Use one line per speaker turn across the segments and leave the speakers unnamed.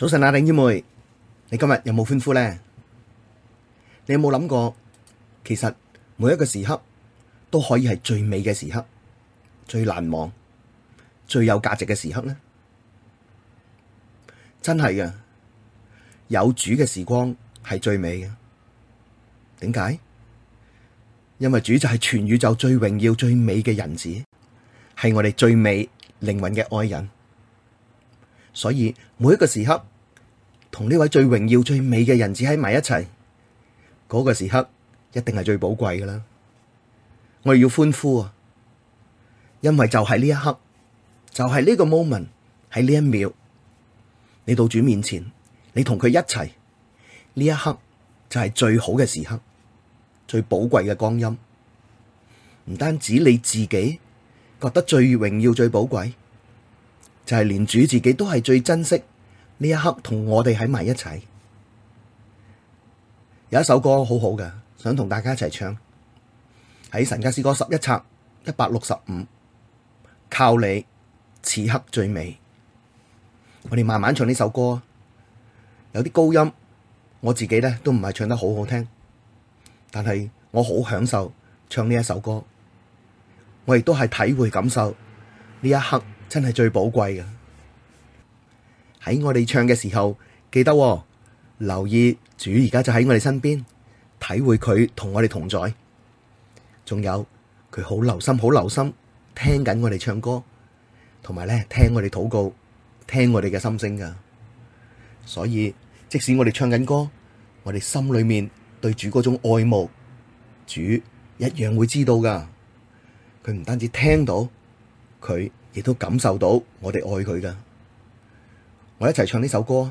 早晨啊，頂煙妹，你今日有冇歡呼咧？你有冇諗過，其實每一個時刻都可以係最美嘅時刻，最難忘、最有價值嘅時刻咧？真係㗎，有主嘅時光係最美嘅。點解？因為主就係全宇宙最榮耀、最美嘅人子，係我哋最美靈魂嘅愛人，所以每一個時刻。同呢位最榮耀、最美嘅人子喺埋一齊，嗰個時刻一定係最寶貴噶啦！我哋要歡呼啊，因為就係呢一刻，就係呢個 moment 喺呢一秒，你到主面前，你同佢一齊，呢一刻就係最好嘅時刻，最寶貴嘅光陰。唔單止你自己覺得最榮耀、最寶貴，就係連主自己都係最珍惜。呢一刻同我哋喺埋一齊，有一首歌好好嘅，想同大家一齊唱。喺神家詩歌十一冊一百六十五，靠你此刻最美。我哋慢慢唱呢首歌，有啲高音，我自己咧都唔係唱得好好聽，但係我好享受唱呢一首歌。我亦都係體會感受呢一刻真係最寶貴嘅。喺我哋唱嘅時候，記得、哦、留意主而家就喺我哋身邊，體會佢同我哋同在。仲有佢好留心，好留心聽緊我哋唱歌，同埋咧聽我哋禱告，聽我哋嘅心聲噶。所以即使我哋唱緊歌，我哋心裏面對主嗰種愛慕，主一樣會知道噶。佢唔單止聽到，佢亦都感受到我哋愛佢噶。我一齊唱呢首
歌。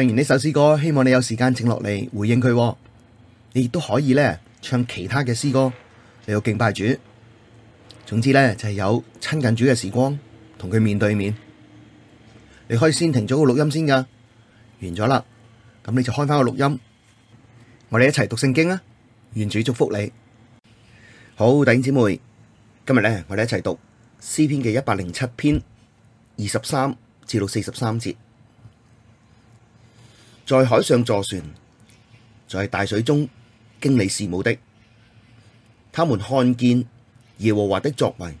唱完呢首詩歌，希望你有時間靜落嚟回應佢。你亦都可以咧唱其他嘅詩歌，你要敬拜主。總之咧就係、是、有親近主嘅時光，同佢面對面。你可以先停咗個錄音先噶，完咗啦，咁你就開翻個錄音。我哋一齊讀聖經啊！願主祝福你。好，弟兄姊妹，今日咧，我哋一齊讀詩篇嘅一百零七篇二十三至到四十三節。在海上坐船，在大水中經理事務的，他們看見耶和華的作為，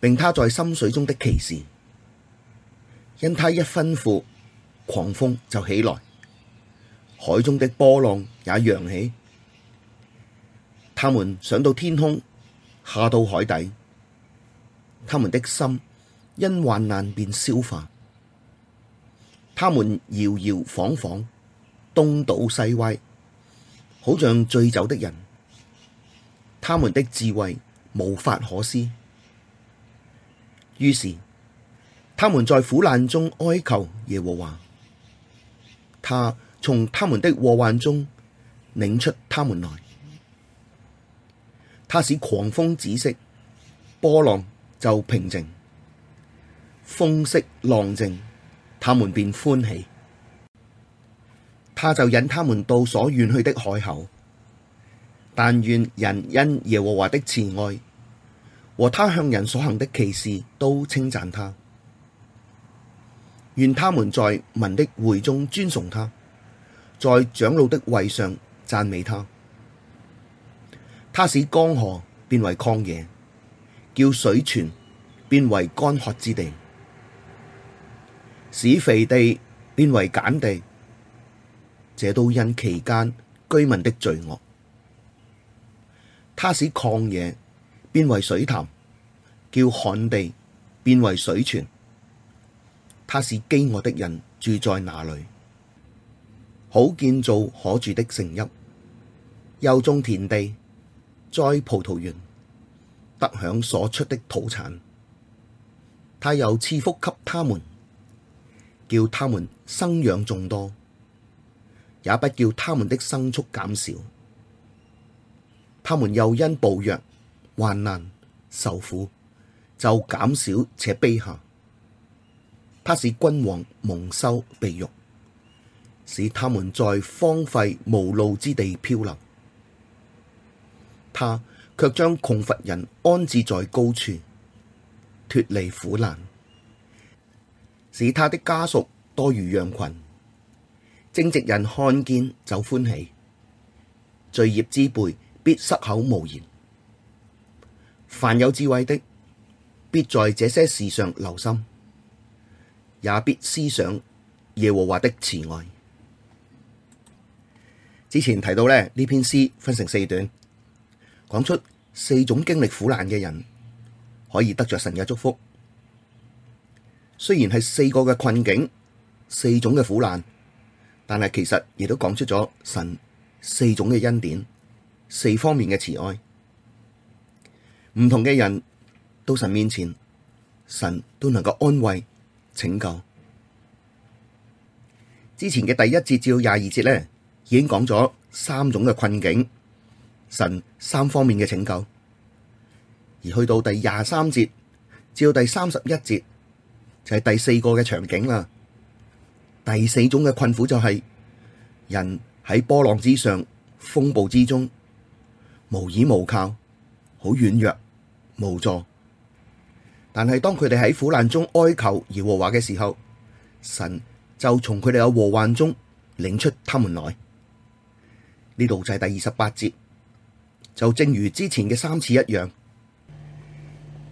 並他在深水中的奇事。因他一吩咐，狂風就起來，海中的波浪也揚起。他們上到天空，下到海底。他們的心因患難便消化。他們搖搖晃晃，東倒西歪，好像醉酒的人。他們的智慧無法可施，於是他們在苦難中哀求耶和華，他從他們的禍患中領出他們來，他使狂風止息，波浪就平靜，風息浪靜，他們便歡喜，他就引他們到所願去的海口。但願人因耶和華的慈愛和他向人所行的奇事，都稱讚他；願他們在民的會中尊崇他，在長老的位上讚美他。他使江河變為曠野，叫水泉變為乾渴之地。使肥地變為鹼地，這都因其間居民的罪惡。他使曠野變為水潭，叫旱地變為水泉。他使飢餓的人住在那裡，好建造可住的城邑，又種田地、栽葡萄園，得享所出的土產。他又賜福給他們。叫他們生養眾多，也不叫他們的牲畜減少。他們又因暴虐、患難、愁苦，就減少且卑下。他使君王蒙羞被辱，使他們在荒廢無路之地漂流。他卻將窮乏人安置在高處，脫離苦難。使他的家屬多如羊群，正直人看見就歡喜，罪孽之輩必塞口無言。凡有智慧的，必在這些事上留心，也必思想耶和華的慈愛。之前提到呢篇詩分成四段，講出四種經歷苦難嘅人可以得着神嘅祝福。雖然係四個嘅困境、四種嘅苦難，但係其實亦都講出咗神四種嘅恩典、四方面嘅慈愛。唔同嘅人到神面前，神都能夠安慰拯救。之前嘅第一節至到廿二節咧，已經講咗三種嘅困境，神三方面嘅拯救，而去到第廿三節至到第三十一節。就係第四個嘅場景啦，第四種嘅困苦就係、是，人喺波浪之上，風暴之中，無依無靠，好軟弱、無助。但係當佢哋喺苦難中哀求耶和華嘅時候，神就從佢哋嘅禍患中領出他們來。呢度就係第二十八節，就正如之前嘅三次一樣，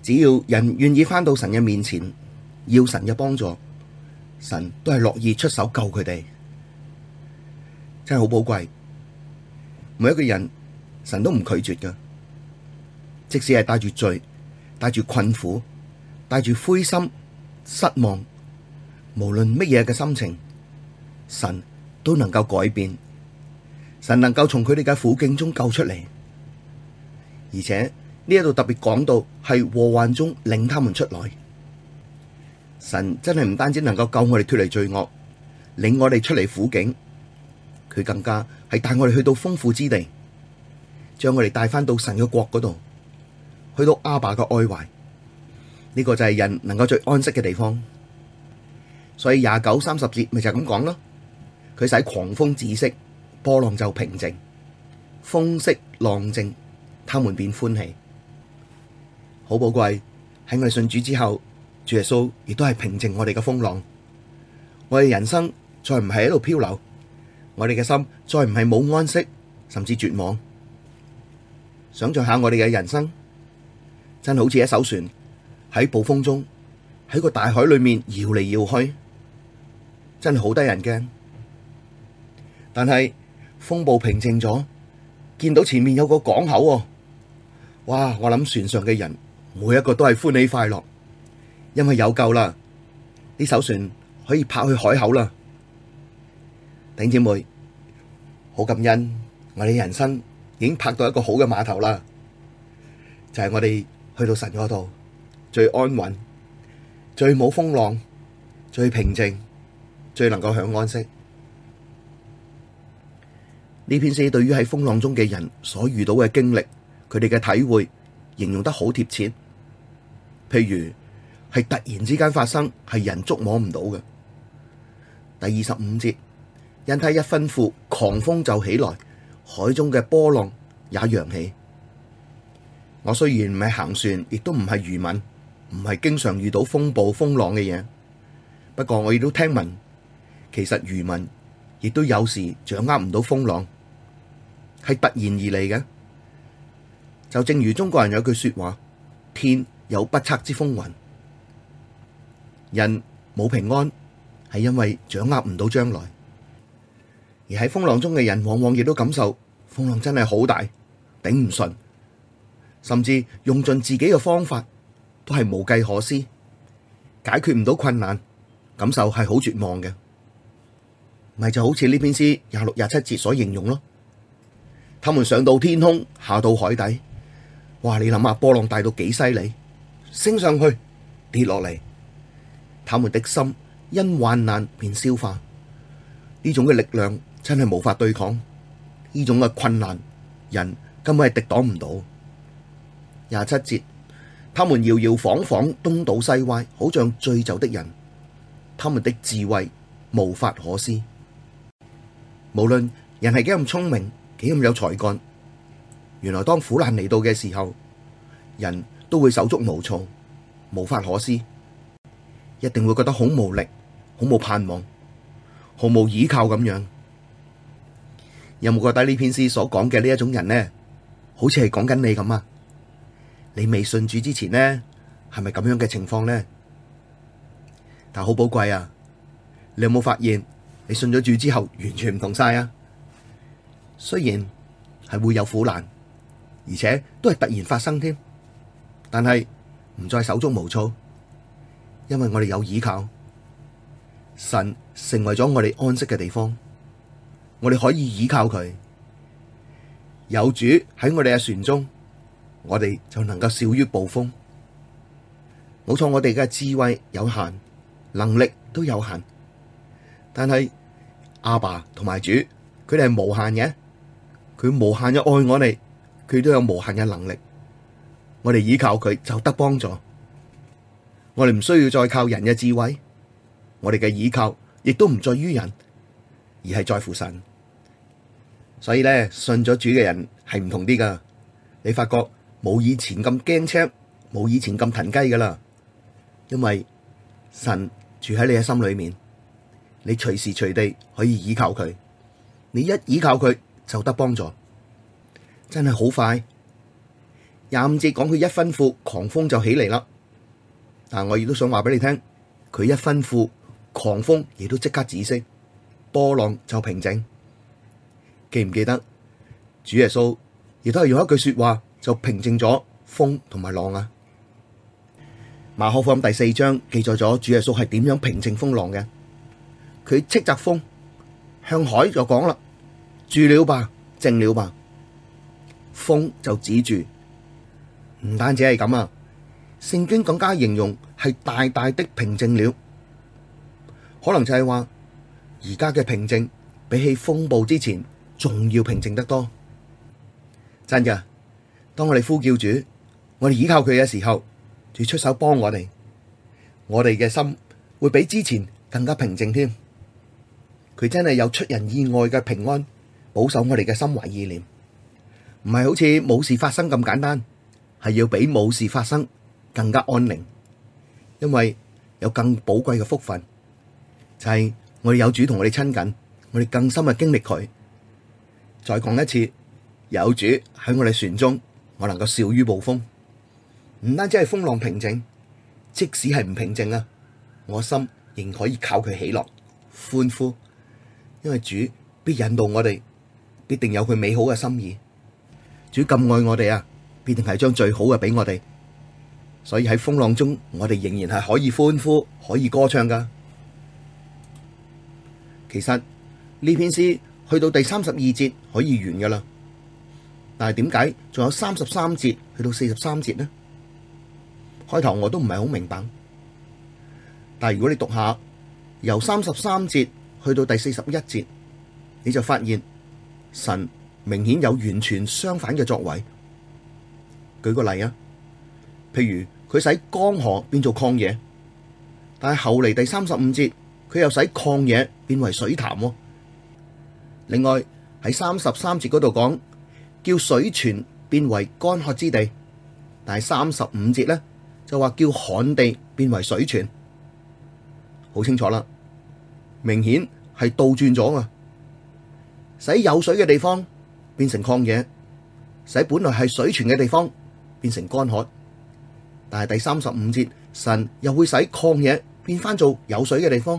只要人願意返到神嘅面前，要神嘅幫助，神都係樂意出手救佢哋，真係好寶貴。每一個人，神都唔拒絕噶，即使係帶住罪、帶住困苦、帶住灰心、失望，無論乜嘢嘅心情，神都能夠改變，神能夠從佢哋嘅苦境中救出嚟，而且呢一度特別講到，係禍患中領他們出來。神真係唔單止能夠救我哋脫離罪惡，領我哋出嚟苦境，佢更加係帶我哋去到豐富之地，將我哋帶翻到神嘅國嗰度，去到阿爸嘅愛懷。呢、這個就係人能夠最安息嘅地方。所以廿九三十節咪就係咁講咯。佢使狂風止息，波浪就平靜，風息浪靜，他們便歡喜。好寶貴喺我哋信主之後。主耶穌亦都係平靜我哋嘅風浪，我哋人生再唔係喺度漂流，我哋嘅心再唔係冇安息，甚至絕望。想象下我哋嘅人生，真係好似一艘船喺暴風中喺個大海裏面搖嚟搖去，真係好得人驚。但係風暴平靜咗，見到前面有個港口，哇！我諗船上嘅人每一個都係歡喜快樂。因為有救啦，呢艘船可以泊去海口啦。頂姐妹好感恩，我哋人生已經泊到一個好嘅碼頭啦，就係我哋去到神嗰度最安穩、最冇風浪、最平靜、最能夠享安息。呢篇詩對於喺風浪中嘅人所遇到嘅經歷、佢哋嘅體會，形容得好貼切，譬如。係突然之間發生，係人捉摸唔到嘅。第二十五節，因他一吩咐，狂風就起來，海中嘅波浪也揚起。我雖然唔係行船，亦都唔係漁民，唔係經常遇到風暴風浪嘅嘢。不過我亦都聽聞，其實漁民亦都有時掌握唔到風浪，係突然而嚟嘅。就正如中國人有句説話：天有不測之風雲。人冇平安，係因為掌握唔到將來；而喺風浪中嘅人，往往亦都感受風浪真係好大，頂唔順，甚至用盡自己嘅方法都係無計可施，解決唔到困難，感受係好絕望嘅。咪就好似呢篇詩廿六廿七節所形容咯，他們上到天空，下到海底，哇！你諗下波浪大到幾犀利，升上去，跌落嚟。他們的心因患難便消化，呢種嘅力量真係無法對抗，呢種嘅困難人根本係抵擋唔到。廿七節，他們搖搖晃晃，東倒西歪，好像醉酒的人。他們的智慧無法可施，無論人係幾咁聰明，幾咁有才幹，原來當苦難嚟到嘅時候，人都會手足無措，無法可施。一定會覺得好無力、好冇盼望、毫無依靠咁樣。有冇覺得呢篇詩所講嘅呢一種人呢，好似係講緊你咁啊？你未信主之前呢，係咪咁樣嘅情況呢？但好寶貴啊！你有冇發現你信咗主之後完全唔同晒啊？雖然係會有苦難，而且都係突然發生添，但係唔再手足無措。因為我哋有依靠，神成為咗我哋安息嘅地方，我哋可以依靠佢。有主喺我哋嘅船中，我哋就能夠笑於暴風。冇錯，我哋嘅智慧有限，能力都有限，但係阿爸同埋主，佢哋係無限嘅。佢無限嘅愛我哋，佢都有無限嘅能力。我哋依靠佢就得幫助。我哋唔需要再靠人嘅智慧，我哋嘅倚靠亦都唔在於人，而係在乎神。所以咧，信咗主嘅人係唔同啲噶。你發覺冇以前咁驚青，冇以前咁騰雞噶啦。因為神住喺你嘅心裏面，你隨時隨地可以倚靠佢。你一倚靠佢就得幫助，真係好快。廿五節講佢一吩咐，狂風就起嚟啦。但我亦都想話俾你聽，佢一吩咐，狂風亦都即刻止息，波浪就平靜。記唔記得？主耶穌亦都係用一句說話就平靜咗風同埋浪啊！馬可福音第四章記載咗主耶穌係點樣平靜風浪嘅？佢斥責風，向海就講啦：住了吧，靜了吧。風就止住。唔單止係咁啊！聖經更加形容係大大的平靜了，可能就係話而家嘅平靜比起風暴之前，仲要平靜得多。真㗎，當我哋呼叫主，我哋依靠佢嘅時候，佢出手幫我哋，我哋嘅心會比之前更加平靜添。佢真係有出人意外嘅平安保守我哋嘅心懷意念，唔係好似冇事發生咁簡單，係要俾冇事發生。更加安寧，因為有更寶貴嘅福分，就係、是、我哋有主同我哋親近，我哋更深嘅經歷佢。再講一次，有主喺我哋船中，我能夠笑於暴風。唔單止係風浪平靜，即使係唔平靜啊，我心仍可以靠佢起落。」歡呼。因為主必引導我哋，必定有佢美好嘅心意。主咁愛我哋啊，必定係將最好嘅畀我哋。所以喺風浪中，我哋仍然係可以歡呼，可以歌唱噶。其實呢篇詩去到第三十二節可以完噶啦，但係點解仲有三十三節去到四十三節呢？開頭我都唔係好明白，但係如果你讀下，由三十三節去到第四十一節，你就發現神明顯有完全相反嘅作為。舉個例啊！譬如佢使江河變做曠野，但係後嚟第三十五節佢又使曠野變為水潭。另外喺三十三節嗰度講叫水泉變為乾渴之地，但係三十五節咧就話叫旱地變為水泉，好清楚啦。明顯係倒轉咗啊！使有水嘅地方變成曠野，使本來係水泉嘅地方變成乾旱。但係第三十五節，神又會使曠野變翻做有水嘅地方，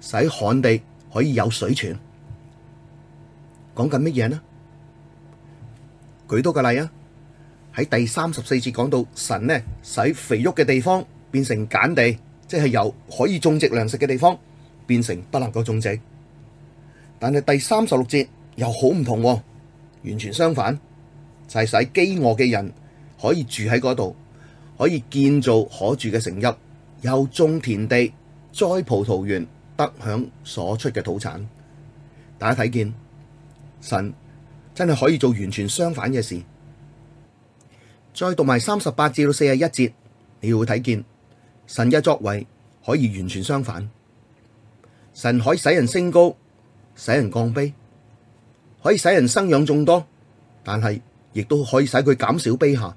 使旱地可以有水泉。講緊乜嘢呢？舉多個例啊！喺第三十四節講到，神呢，使肥沃嘅地方變成鹼地，即係由可以種植糧食嘅地方變成不能夠種植。但係第三十六節又好唔同，啊，完全相反，就係使飢餓嘅人可以住喺嗰度。可以建造可住嘅城邑，又種田地、栽葡萄園，得享所出嘅土產。大家睇見神真係可以做完全相反嘅事。再讀埋三十八至到四十一節，你會睇見神嘅作為可以完全相反。神可以使人升高，使人降卑；可以使人生養眾多，但係亦都可以使佢減少卑下。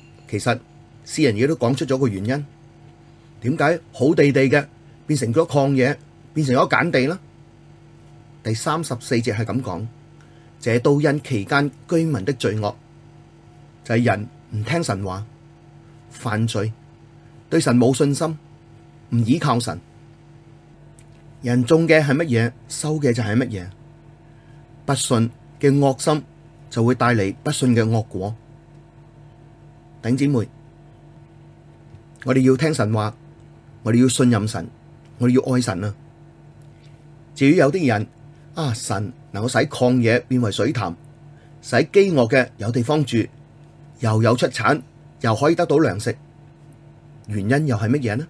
其實詩人亦都講出咗個原因，點解好地地嘅，變成咗曠野，變成咗鹼地呢？第三十四節係咁講，這都因其間居民的罪惡，就係人唔聽神話，犯罪，對神冇信心，唔倚靠神，人種嘅係乜嘢，收嘅就係乜嘢，不信嘅惡心就會帶嚟不信嘅惡果。頂姐妹，我哋要聽神話，我哋要信任神，我哋要愛神啊！至於有啲人啊，神能夠使曠野變為水潭，使飢餓嘅有地方住，又有出產，又可以得到糧食，原因又係乜嘢呢？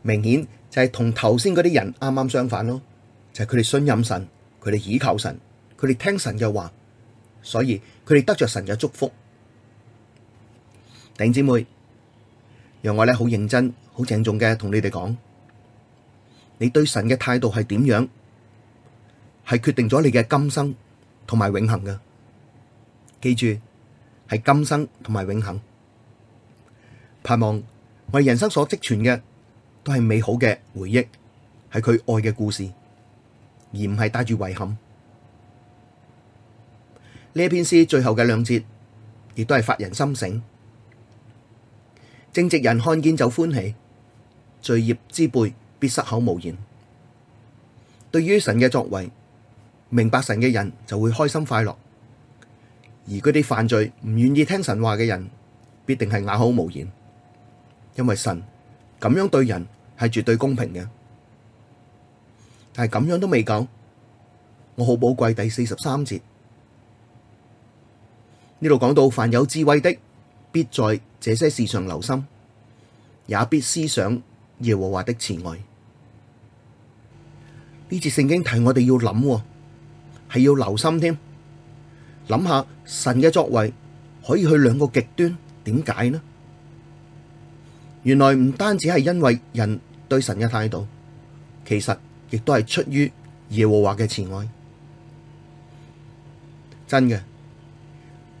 明顯就係同頭先嗰啲人啱啱相反咯，就係佢哋信任神，佢哋倚靠神，佢哋聽神嘅話，所以佢哋得着神嘅祝福。弟兄姊妹，讓我咧好認真、好鄭重嘅同你哋講，你對神嘅態度係點樣，係決定咗你嘅今生同埋永恒嘅。記住，係今生同埋永恒。盼望我哋人生所積存嘅，都係美好嘅回憶，係佢愛嘅故事，而唔係帶住遺憾。呢一篇詩最後嘅兩節，亦都係發人心醒。正直人看見就歡喜，罪孽之輩必塞口無言。對於神嘅作為，明白神嘅人就會開心快樂，而佢哋犯罪唔願意聽神話嘅人，必定係啞口無言。因為神咁樣對人係絕對公平嘅，但係咁樣都未夠。我好寶貴第四十三節呢度講到，凡有智慧的，必在。這些事上留心，也必思想耶和華的慈愛。呢節聖經提我哋要諗，係要留心添。諗下神嘅作為可以去兩個極端，點解呢？原來唔單止係因為人對神嘅態度，其實亦都係出於耶和華嘅慈愛。真嘅，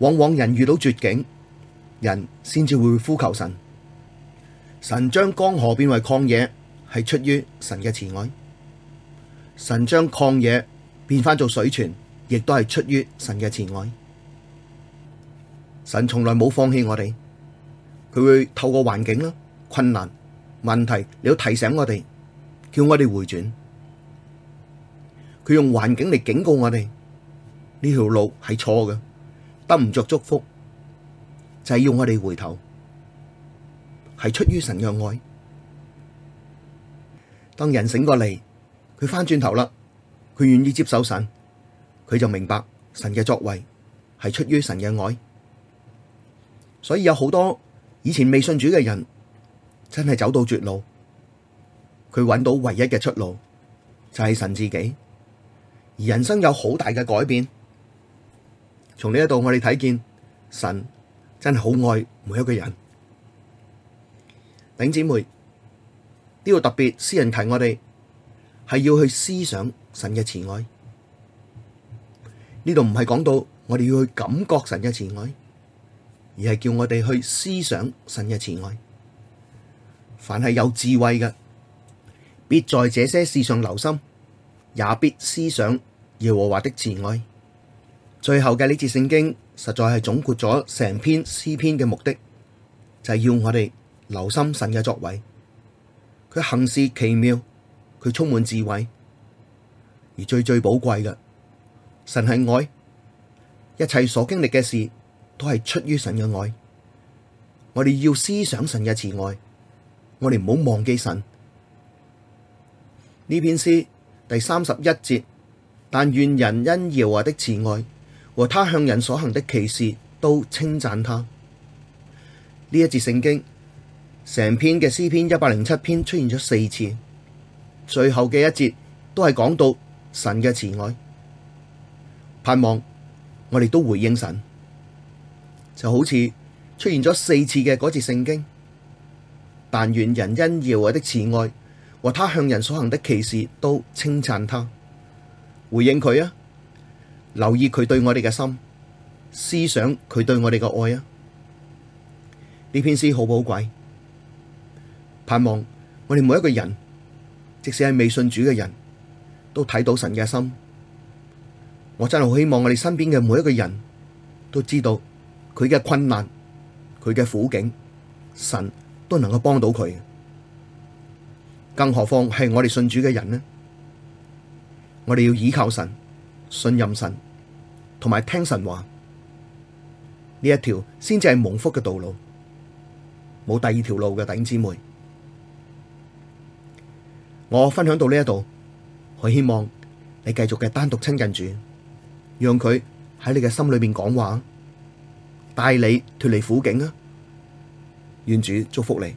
往往人遇到絕境。人先至會呼求神，神將江河變為曠野，係出於神嘅慈愛；神將曠野變翻做水泉，亦都係出於神嘅慈愛。神從來冇放棄我哋，佢會透過環境啦、困難、問題，嚟到提醒我哋，叫我哋回轉。佢用環境嚟警告我哋，呢條路係錯嘅，得唔着祝福。就係要我哋回頭，係出於神嘅愛。當人醒過嚟，佢翻轉頭啦，佢願意接受神，佢就明白神嘅作為係出於神嘅愛。所以有好多以前未信主嘅人，真係走到絕路，佢揾到唯一嘅出路就係神自己，而人生有好大嘅改變。從呢一度我哋睇見神。真係好愛每一個人，弟兄姊妹，呢度特別詩人提我哋係要去思想神嘅慈愛。呢度唔係講到我哋要去感覺神嘅慈愛，而係叫我哋去思想神嘅慈愛。凡係有智慧嘅，必在這些事上留心，也必思想耶和華的慈愛。最後嘅呢節聖經。實在係總括咗成篇詩篇嘅目的，就係、是、要我哋留心神嘅作為，佢行事奇妙，佢充滿智慧，而最最寶貴嘅，神係愛，一切所經歷嘅事都係出於神嘅愛，我哋要思想神嘅慈愛，我哋唔好忘記神。呢篇詩第三十一節，但願人因耶和華的慈愛。和他向人所行的奇事，都稱讚他。呢一節聖經，成篇嘅詩篇一百零七篇出現咗四次，最後嘅一節都係講到神嘅慈愛，盼望我哋都回應神，就好似出現咗四次嘅嗰節聖經。但願人因耶和華的慈愛和他向人所行的奇事，都稱讚他。回應佢啊！留意佢對我哋嘅心，思想佢對我哋嘅愛啊！呢篇詩好寶貴，盼望我哋每一個人，即使係未信主嘅人，都睇到神嘅心。我真係好希望我哋身邊嘅每一個人都知道佢嘅困難，佢嘅苦境，神都能夠幫到佢。更何況係我哋信主嘅人呢？我哋要依靠神，信任神。同埋聽神話呢一條先至係蒙福嘅道路，冇第二條路嘅弟兄姊妹。我分享到呢一度，我希望你繼續嘅單獨親近主，讓佢喺你嘅心裏邊講話，帶你脫離苦境啊！願主祝福你。